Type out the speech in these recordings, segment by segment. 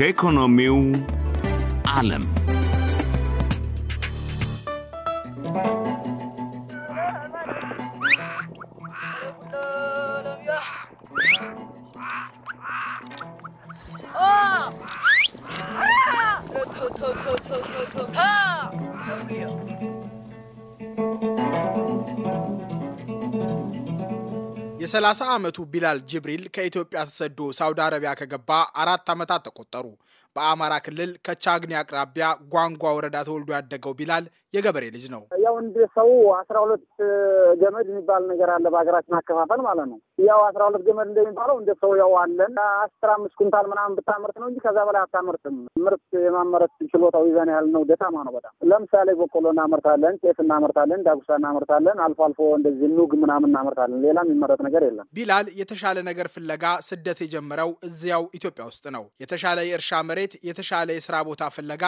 ከኢኮኖሚው ዓለም የ30 ዓመቱ ቢላል ጅብሪል ከኢትዮጵያ ተሰዶ ሳውዲ አረቢያ ከገባ አራት ዓመታት ተቆጠሩ። በአማራ ክልል ከቻግኒ አቅራቢያ ጓንጓ ወረዳ ተወልዶ ያደገው ቢላል የገበሬ ልጅ ነው። ያው እንደ ሰው አስራ ሁለት ገመድ የሚባል ነገር አለ በሀገራችን አከፋፈል ማለት ነው። ያው አስራ ሁለት ገመድ እንደሚባለው እንደ ሰው ያው አለን አስራ አምስት ኩንታል ምናምን ብታመርት ነው እንጂ ከዛ በላይ አታመርትም። ምርት የማመረት ችሎታው ይዘን ያህል ነው። ደካማ ነው በጣም። ለምሳሌ በቆሎ እናመርታለን፣ ጤፍ እናመርታለን፣ ዳጉሳ እናመርታለን። አልፎ አልፎ እንደዚህ ኑግ ምናምን እናመርታለን። ሌላ የሚመረት ነገር የለም። ቢላል የተሻለ ነገር ፍለጋ ስደት የጀመረው እዚያው ኢትዮጵያ ውስጥ ነው። የተሻለ የእርሻ መሬት መሬት የተሻለ የስራ ቦታ ፍለጋ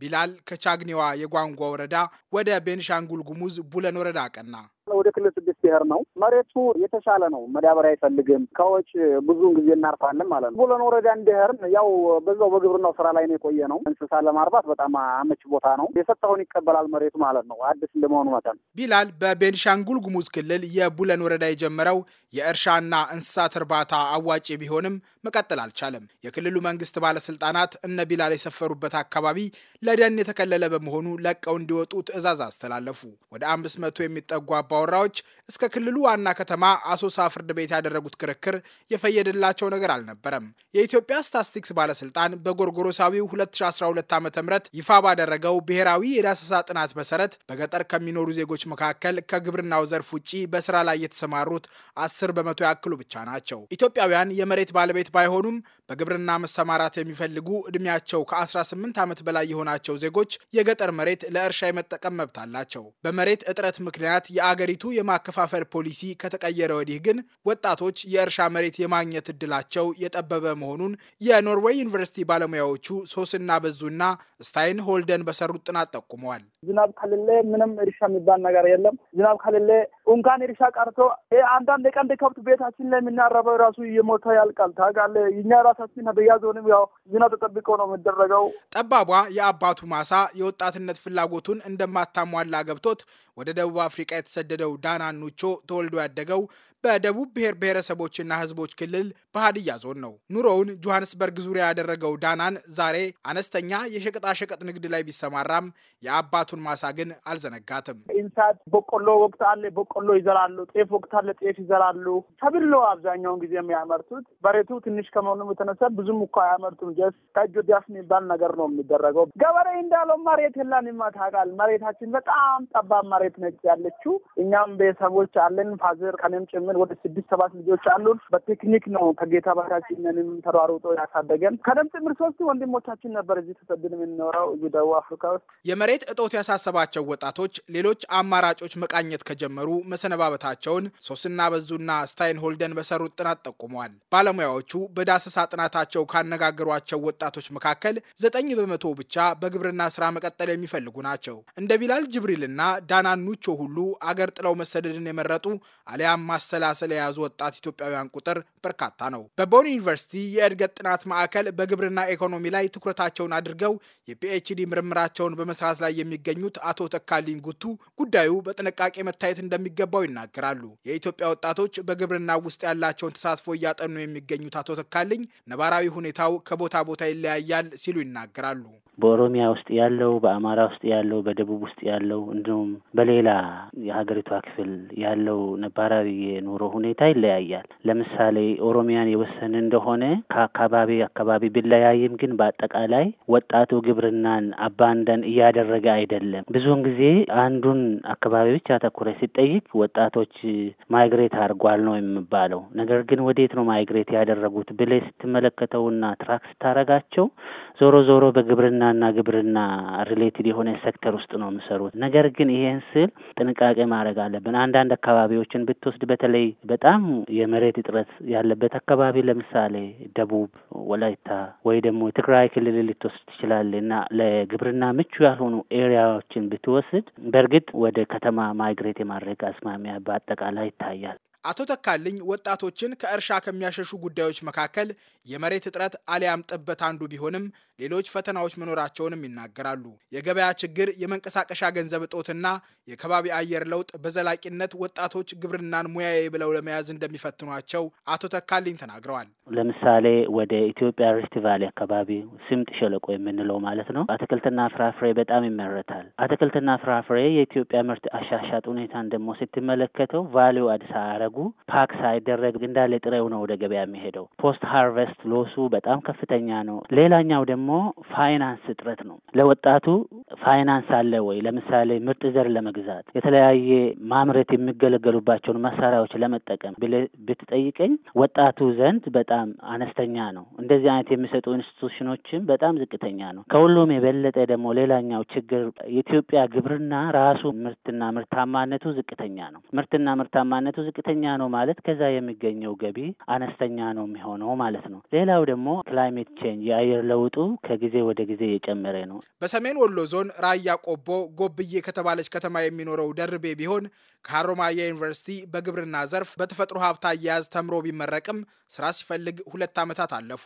ቢላል ከቻግኒዋ የጓንጓ ወረዳ ወደ ቤንሻንጉል ጉሙዝ ቡለን ወረዳ አቀና። ወደ ክልል ሄክቴር ነው። መሬቱ የተሻለ ነው። መዳበሪያ አይፈልግም። ከውጭ ብዙውን ጊዜ እናርፋለን ማለት ነው። ቡለን ወረዳ እንደሄርን ያው በዛው በግብርናው ስራ ላይ ነው የቆየ ነው። እንስሳ ለማርባት በጣም አመች ቦታ ነው። የሰጠውን ይቀበላል መሬቱ ማለት ነው። አዲስ እንደመሆኑ መጠን ቢላል በቤንሻንጉል ጉሙዝ ክልል የቡለን ወረዳ የጀመረው የእርሻና እንስሳት እርባታ አዋጪ ቢሆንም መቀጠል አልቻለም። የክልሉ መንግስት ባለስልጣናት እነ ቢላል የሰፈሩበት አካባቢ ለደን የተከለለ በመሆኑ ለቀው እንዲወጡ ትዕዛዝ አስተላለፉ። ወደ አምስት መቶ የሚጠጉ አባወራዎች እስከ ክልሉ ዋና ከተማ አሶሳ ፍርድ ቤት ያደረጉት ክርክር የፈየደላቸው ነገር አልነበረም። የኢትዮጵያ ስታስቲክስ ባለስልጣን በጎርጎሮሳዊው 2012 ዓ ም ይፋ ባደረገው ብሔራዊ የዳሰሳ ጥናት መሰረት በገጠር ከሚኖሩ ዜጎች መካከል ከግብርናው ዘርፍ ውጪ በስራ ላይ የተሰማሩት 10 በመቶ ያክሉ ብቻ ናቸው። ኢትዮጵያውያን የመሬት ባለቤት ባይሆኑም በግብርና መሰማራት የሚፈልጉ ዕድሜያቸው ከ18 ዓመት በላይ የሆናቸው ዜጎች የገጠር መሬት ለእርሻ የመጠቀም መብት አላቸው። በመሬት እጥረት ምክንያት የአገሪቱ የማከፋፈ የማዳፈር ፖሊሲ ከተቀየረ ወዲህ ግን ወጣቶች የእርሻ መሬት የማግኘት እድላቸው የጠበበ መሆኑን የኖርዌይ ዩኒቨርሲቲ ባለሙያዎቹ ሶስና በዙና ስታይን ሆልደን በሰሩት ጥናት ጠቁመዋል። ዝናብ ከሌለ ምንም እርሻ የሚባል ነገር የለም። ዝናብ ከሌለ እንኳን እርሻ ቀርቶ አንዳንድ የቀንድ ከብት ቤታችን ላይ የምናረበው ራሱ እየሞተ ያልቃል። ታውቃለህ፣ እኛ ራሳችን በያ ያው ዝናብ ተጠብቆ ነው የሚደረገው። ጠባቧ የአባቱ ማሳ የወጣትነት ፍላጎቱን እንደማታሟላ ገብቶት ወደ ደቡብ አፍሪቃ የተሰደደው ዳናኖቾ ተወልዶ ያደገው በደቡብ ብሔር ብሔረሰቦችና ህዝቦች ክልል በሀዲያ ዞን ነው። ኑሮውን ጆሐንስበርግ ዙሪያ ያደረገው ዳናን ዛሬ አነስተኛ የሸቀጣሸቀጥ ንግድ ላይ ቢሰማራም የአባቱን ማሳ ግን አልዘነጋትም። ኢንሳት በቆሎ ወቅት አለ፣ በቆሎ ይዘራሉ። ጤፍ ወቅት አለ፣ ጤፍ ይዘራሉ። ሰብል አብዛኛውን ጊዜ የሚያመርቱት። መሬቱ ትንሽ ከመሆኑ የተነሳ ብዙም እኮ አያመርቱም። ጀስ ከእጅ ወደ የሚባል ነገር ነው የሚደረገው። ገበሬ እንዳለው መሬት የለንም ታውቃለህ። መሬታችን በጣም ጠባብ መሬት ነች ያለችው። እኛም ቤተሰቦች አለን ፋዘር ከኔም ጭምር ጨምር ወደ ስድስት ሰባት ልጆች አሉን። በቴክኒክ ነው ከጌታ ባታችንንም ተሯሩጦ ያሳደገን። ከደም ጥምር ሶስት ወንድሞቻችን ነበር እዚህ ተሰድን የምንኖረው እዚህ ደቡብ አፍሪካ ውስጥ። የመሬት እጦት ያሳሰባቸው ወጣቶች ሌሎች አማራጮች መቃኘት ከጀመሩ መሰነባበታቸውን ሶስና በዙና ስታይን ሆልደን በሰሩት ጥናት ጠቁመዋል። ባለሙያዎቹ በዳሰሳ ጥናታቸው ካነጋገሯቸው ወጣቶች መካከል ዘጠኝ በመቶ ብቻ በግብርና ስራ መቀጠል የሚፈልጉ ናቸው። እንደ ቢላል ጅብሪልና ዳናኑቾ ሁሉ አገር ጥለው መሰደድን የመረጡ አሊያም ማሰል ማሰላሰል የያዙ ወጣት ኢትዮጵያውያን ቁጥር በርካታ ነው። በቦን ዩኒቨርሲቲ የእድገት ጥናት ማዕከል በግብርና ኢኮኖሚ ላይ ትኩረታቸውን አድርገው የፒኤችዲ ምርምራቸውን በመስራት ላይ የሚገኙት አቶ ተካሊን ጉቱ ጉዳዩ በጥንቃቄ መታየት እንደሚገባው ይናገራሉ። የኢትዮጵያ ወጣቶች በግብርና ውስጥ ያላቸውን ተሳትፎ እያጠኑ የሚገኙት አቶ ተካልኝ ነባራዊ ሁኔታው ከቦታ ቦታ ይለያያል ሲሉ ይናገራሉ። በኦሮሚያ ውስጥ ያለው፣ በአማራ ውስጥ ያለው፣ በደቡብ ውስጥ ያለው እንዲሁም በሌላ የሀገሪቷ ክፍል ያለው ነባራዊ የኑሮ ሁኔታ ይለያያል። ለምሳሌ ኦሮሚያን የወሰን እንደሆነ ከአካባቢ አካባቢ ቢለያይም ግን በአጠቃላይ ወጣቱ ግብርናን አባንደን እያደረገ አይደለም። ብዙውን ጊዜ አንዱን አካባቢ ብቻ ተኩረ ሲጠይቅ ወጣቶች ማይግሬት አድርጓል ነው የሚባለው። ነገር ግን ወዴት ነው ማይግሬት ያደረጉት ብለህ ስትመለከተውና ትራክ ስታረጋቸው ዞሮ ዞሮ በግብርና ግብርናና ግብርና ሪሌትድ የሆነ ሴክተር ውስጥ ነው የምሰሩት ነገር ግን ይሄን ስል ጥንቃቄ ማድረግ አለብን። አንዳንድ አካባቢዎችን ብትወስድ በተለይ በጣም የመሬት እጥረት ያለበት አካባቢ ለምሳሌ ደቡብ ወላይታ ወይ ደግሞ ትግራይ ክልል ልትወስድ ትችላለ እና ለግብርና ምቹ ያልሆኑ ኤሪያዎችን ብትወስድ በእርግጥ ወደ ከተማ ማይግሬት የማድረግ አስማሚያ በአጠቃላይ ይታያል። አቶ ተካልኝ ወጣቶችን ከእርሻ ከሚያሸሹ ጉዳዮች መካከል የመሬት እጥረት አሊያም ጥበት አንዱ ቢሆንም ሌሎች ፈተናዎች መኖራቸውንም ይናገራሉ። የገበያ ችግር፣ የመንቀሳቀሻ ገንዘብ እጦትና የከባቢ አየር ለውጥ በዘላቂነት ወጣቶች ግብርናን ሙያዬ ብለው ለመያዝ እንደሚፈትኗቸው አቶ ተካልኝ ተናግረዋል። ለምሳሌ ወደ ኢትዮጵያ ሪፍት ቫሊ አካባቢ ስምጥ ሸለቆ የምንለው ማለት ነው አትክልትና ፍራፍሬ በጣም ይመረታል። አትክልትና ፍራፍሬ የኢትዮጵያ ምርት አሻሻጥ ሁኔታን ደግሞ ስትመለከተው ቫሊዩ አዲስ አረ ሲያረጉ ፓክ ሳይደረግ እንዳለ ጥሬው ነው ወደ ገበያ የሚሄደው። ፖስት ሃርቨስት ሎሱ በጣም ከፍተኛ ነው። ሌላኛው ደግሞ ፋይናንስ እጥረት ነው። ለወጣቱ ፋይናንስ አለ ወይ? ለምሳሌ ምርጥ ዘር ለመግዛት የተለያየ ማምረት የሚገለገሉባቸውን መሳሪያዎች ለመጠቀም ብትጠይቀኝ ወጣቱ ዘንድ በጣም አነስተኛ ነው። እንደዚህ አይነት የሚሰጡ ኢንስቲቱሽኖችም በጣም ዝቅተኛ ነው። ከሁሉም የበለጠ ደግሞ ሌላኛው ችግር የኢትዮጵያ ግብርና ራሱ ምርትና ምርታማነቱ ዝቅተኛ ነው። ምርትና ምርታማነቱ ዝቅተኛ ዝቅተኛ ነው ማለት ከዛ የሚገኘው ገቢ አነስተኛ ነው የሚሆነው ማለት ነው። ሌላው ደግሞ ክላይሜት ቼንጅ የአየር ለውጡ ከጊዜ ወደ ጊዜ እየጨመረ ነው። በሰሜን ወሎ ዞን ራያ ቆቦ ጎብዬ ከተባለች ከተማ የሚኖረው ደርቤ ቢሆን ከሀሮማያ ዩኒቨርሲቲ በግብርና ዘርፍ በተፈጥሮ ሀብት አያያዝ ተምሮ ቢመረቅም ስራ ሲፈልግ ሁለት ዓመታት አለፉ።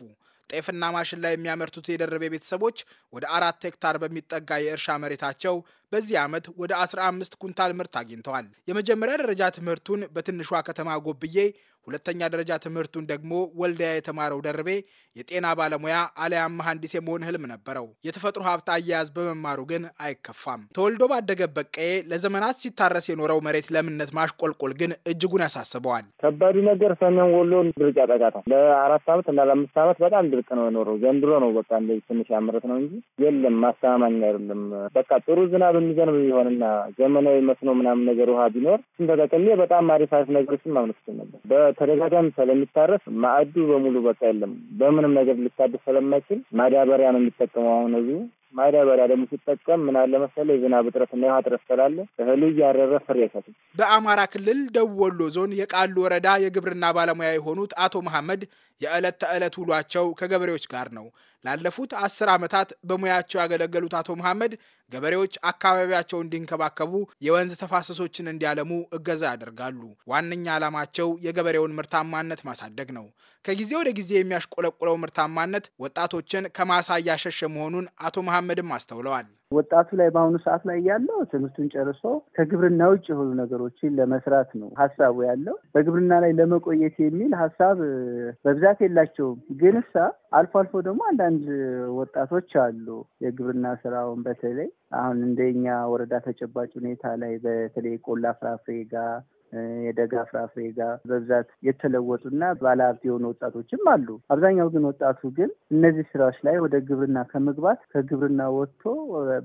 ጤፍና ማሽላ የሚያመርቱት የደረቤ ቤተሰቦች ወደ አራት ሄክታር በሚጠጋ የእርሻ መሬታቸው በዚህ ዓመት ወደ 15 ኩንታል ምርት አግኝተዋል። የመጀመሪያ ደረጃ ትምህርቱን በትንሿ ከተማ ጎብዬ ሁለተኛ ደረጃ ትምህርቱን ደግሞ ወልዲያ የተማረው ደርቤ የጤና ባለሙያ አለያም መሐንዲስ የመሆን ህልም ነበረው። የተፈጥሮ ሀብት አያያዝ በመማሩ ግን አይከፋም። ተወልዶ ባደገበት ቀዬ ለዘመናት ሲታረስ የኖረው መሬት ለምነት ማሽቆልቆል ግን እጅጉን ያሳስበዋል። ከባዱ ነገር ሰሜን ወሎ ድርቅ ያጠቃታል። ለአራት ዓመት እና ለአምስት ዓመት በጣም ድርቅ ነው የኖረው። ዘንድሮ ነው በቃ እንደዚህ ትንሽ ያምረት ነው እንጂ የለም ማስተማማኝ አይደለም። በቃ ጥሩ ዝናብ የሚዘንብ ቢሆንና ዘመናዊ መስኖ ምናምን ነገር ውሃ ቢኖር ስንተጠቅሜ በጣም አሪፍ አሪፍ ነገሮችን ማምነት ነበር በተደጋጋሚ ስለሚታረስ ማዕዱ በሙሉ በቃ የለም። በምንም ነገር ሊታደስ ስለማይችል ማዳበሪያ ነው የሚጠቀመው አሁን ህዝቡ። ማዳበሪያ ደግሞ ሲጠቀም ምን አለ መሰለህ የዝናብ እና የውሃ እጥረት ስላለ እህሉ እያረረ ፍሬ አይሰጥም። በአማራ ክልል ደቡብ ወሎ ዞን የቃሉ ወረዳ የግብርና ባለሙያ የሆኑት አቶ መሐመድ የዕለት ተዕለት ውሏቸው ከገበሬዎች ጋር ነው። ላለፉት አስር ዓመታት በሙያቸው ያገለገሉት አቶ መሐመድ ገበሬዎች አካባቢያቸው እንዲንከባከቡ የወንዝ ተፋሰሶችን እንዲያለሙ እገዛ ያደርጋሉ። ዋነኛ ዓላማቸው የገበሬውን ምርታማነት ማሳደግ ነው። ከጊዜ ወደ ጊዜ የሚያሽቆለቁለው ምርታማነት ወጣቶችን ከማሳ እያሸሸ መሆኑን አቶ መሐመድ ሲራመድም አስተውለዋል። ወጣቱ ላይ በአሁኑ ሰዓት ላይ ያለው ትምህርቱን ጨርሶ ከግብርና ውጭ የሆኑ ነገሮችን ለመስራት ነው ሀሳቡ ያለው። በግብርና ላይ ለመቆየት የሚል ሀሳብ በብዛት የላቸውም። ግን እሳ አልፎ አልፎ ደግሞ አንዳንድ ወጣቶች አሉ የግብርና ስራውን በተለይ አሁን እንደኛ ወረዳ ተጨባጭ ሁኔታ ላይ በተለይ ቆላ ፍራፍሬ ጋር የደጋ ፍራፍሬ ጋር በብዛት የተለወጡና ባለሀብት የሆኑ ወጣቶችም አሉ። አብዛኛው ግን ወጣቱ ግን እነዚህ ስራዎች ላይ ወደ ግብርና ከመግባት ከግብርና ወጥቶ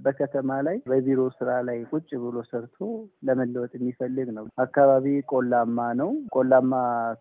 በከተማ ላይ በቢሮ ስራ ላይ ቁጭ ብሎ ሰርቶ ለመለወጥ የሚፈልግ ነው። አካባቢ ቆላማ ነው። ቆላማ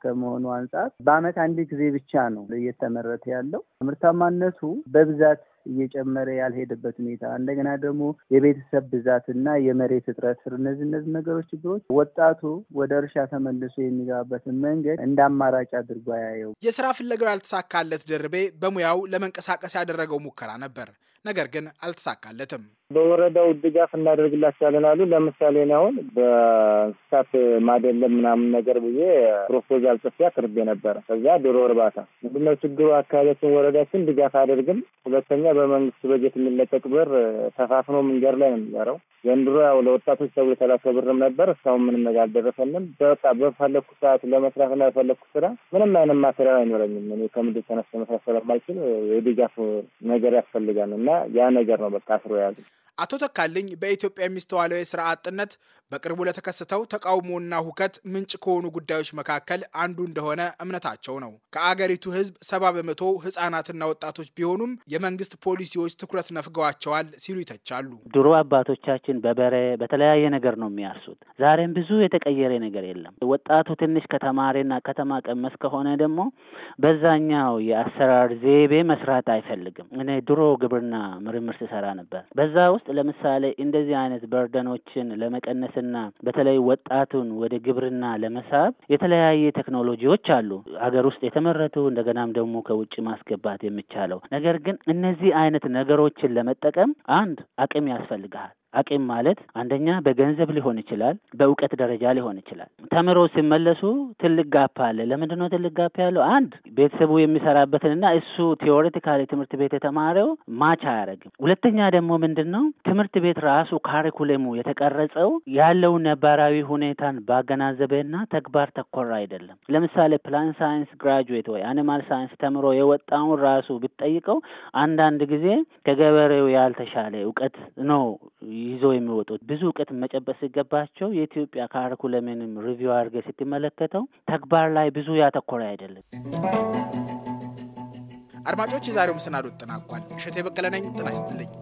ከመሆኑ አንጻር በአመት አንድ ጊዜ ብቻ ነው እየተመረተ ያለው። ምርታማነቱ በብዛት እየጨመረ ያልሄደበት ሁኔታ እንደገና ደግሞ የቤተሰብ ብዛትና የመሬት እጥረት እነዚህ እነዚህ ነገሮች ችግሮች ወጣቱ ወደ እርሻ ተመልሶ የሚገባበትን መንገድ እንደ አማራጭ አድርጎ አያየው። የስራ ፍለጋው ያልተሳካለት ደርቤ በሙያው ለመንቀሳቀስ ያደረገው ሙከራ ነበር። ነገር ግን አልተሳካለትም። በወረዳው ድጋፍ እናደርግላችኋለን አሉ። ለምሳሌ እኔ አሁን በእንስሳት ማደለም ምናምን ነገር ብዬ ፕሮፖዛል ጽፌ አቅርቤ ነበረ። ከዚያ ዶሮ እርባታ ምንድነው ችግሩ? አካባቢያችን ወረዳችን ድጋፍ አደርግም። ሁለተኛ በመንግስት በጀት የሚለቀቅ ብር ተፋፍኖ መንገድ ላይ ነው የሚቀረው። ዘንድሮ ያው ለወጣቶች ተብሎ የተላከ ብርም ነበር። እስካሁን ምንም ነገር አልደረሰንም። በቃ በፈለግኩ ሰዓት ለመስራት እና በፈለግኩ ስራ ምንም አይነት ማቴሪያል አይኖረኝም። እኔ ከምድር ተነስቶ መስራት ስለማልችል የድጋፍ ነገር ያስፈልጋል እና እና ያ ነገር ነው በቃ አስሮ የያዘ። አቶ ተካልኝ በኢትዮጵያ የሚስተዋለው የስራ አጥነት በቅርቡ ለተከሰተው ተቃውሞና ሁከት ምንጭ ከሆኑ ጉዳዮች መካከል አንዱ እንደሆነ እምነታቸው ነው። ከአገሪቱ ሕዝብ ሰባ በመቶ ህጻናትና ወጣቶች ቢሆኑም የመንግስት ፖሊሲዎች ትኩረት ነፍገዋቸዋል ሲሉ ይተቻሉ። ድሮ አባቶቻችን በበሬ በተለያየ ነገር ነው የሚያርሱት። ዛሬም ብዙ የተቀየረ ነገር የለም። ወጣቱ ትንሽ ከተማሪና ከተማ ቀመስ ከሆነ ደግሞ በዛኛው የአሰራር ዘይቤ መስራት አይፈልግም። እኔ ድሮ ግብርና ምርምር ስሰራ ነበር። በዛ ውስጥ ለምሳሌ እንደዚህ አይነት በርደኖችን ለመቀነስና በተለይ ወጣቱን ወደ ግብርና ለመሳብ የተለያየ ቴክኖሎጂዎች አሉ ሀገር ውስጥ የተመረቱ እንደገናም ደግሞ ከውጭ ማስገባት የሚቻለው። ነገር ግን እነዚህ አይነት ነገሮችን ለመጠቀም አንድ አቅም ያስፈልግሃል። አቂም ማለት አንደኛ በገንዘብ ሊሆን ይችላል፣ በእውቀት ደረጃ ሊሆን ይችላል። ተምሮ ሲመለሱ ትልቅ ጋፕ አለ። ለምንድን ነው ትልቅ ጋፕ ያለው? አንድ ቤተሰቡ የሚሰራበትንና እሱ ቴዎሬቲካሊ ትምህርት ቤት የተማረው ማች አያደርግም። ሁለተኛ ደግሞ ምንድን ነው ትምህርት ቤት ራሱ ካሪኩለሙ የተቀረጸው ያለው ነባራዊ ሁኔታን ባገናዘበና ተግባር ተኮር አይደለም። ለምሳሌ ፕላን ሳይንስ ግራጁዌት ወይ አኒማል ሳይንስ ተምሮ የወጣውን ራሱ ብትጠይቀው አንዳንድ ጊዜ ከገበሬው ያልተሻለ እውቀት ነው ይዘው የሚወጡት ብዙ እውቀት መጨበጥ ሲገባቸው የኢትዮጵያ ካሪኩለምንም ሪቪው አድርገ ስትመለከተው ተግባር ላይ ብዙ ያተኮረ አይደለም። አድማጮች፣ የዛሬው መሰናዶ ተጠናቋል። እሸቴ በቀለ ነኝ። ጤና ይስጥልኝ።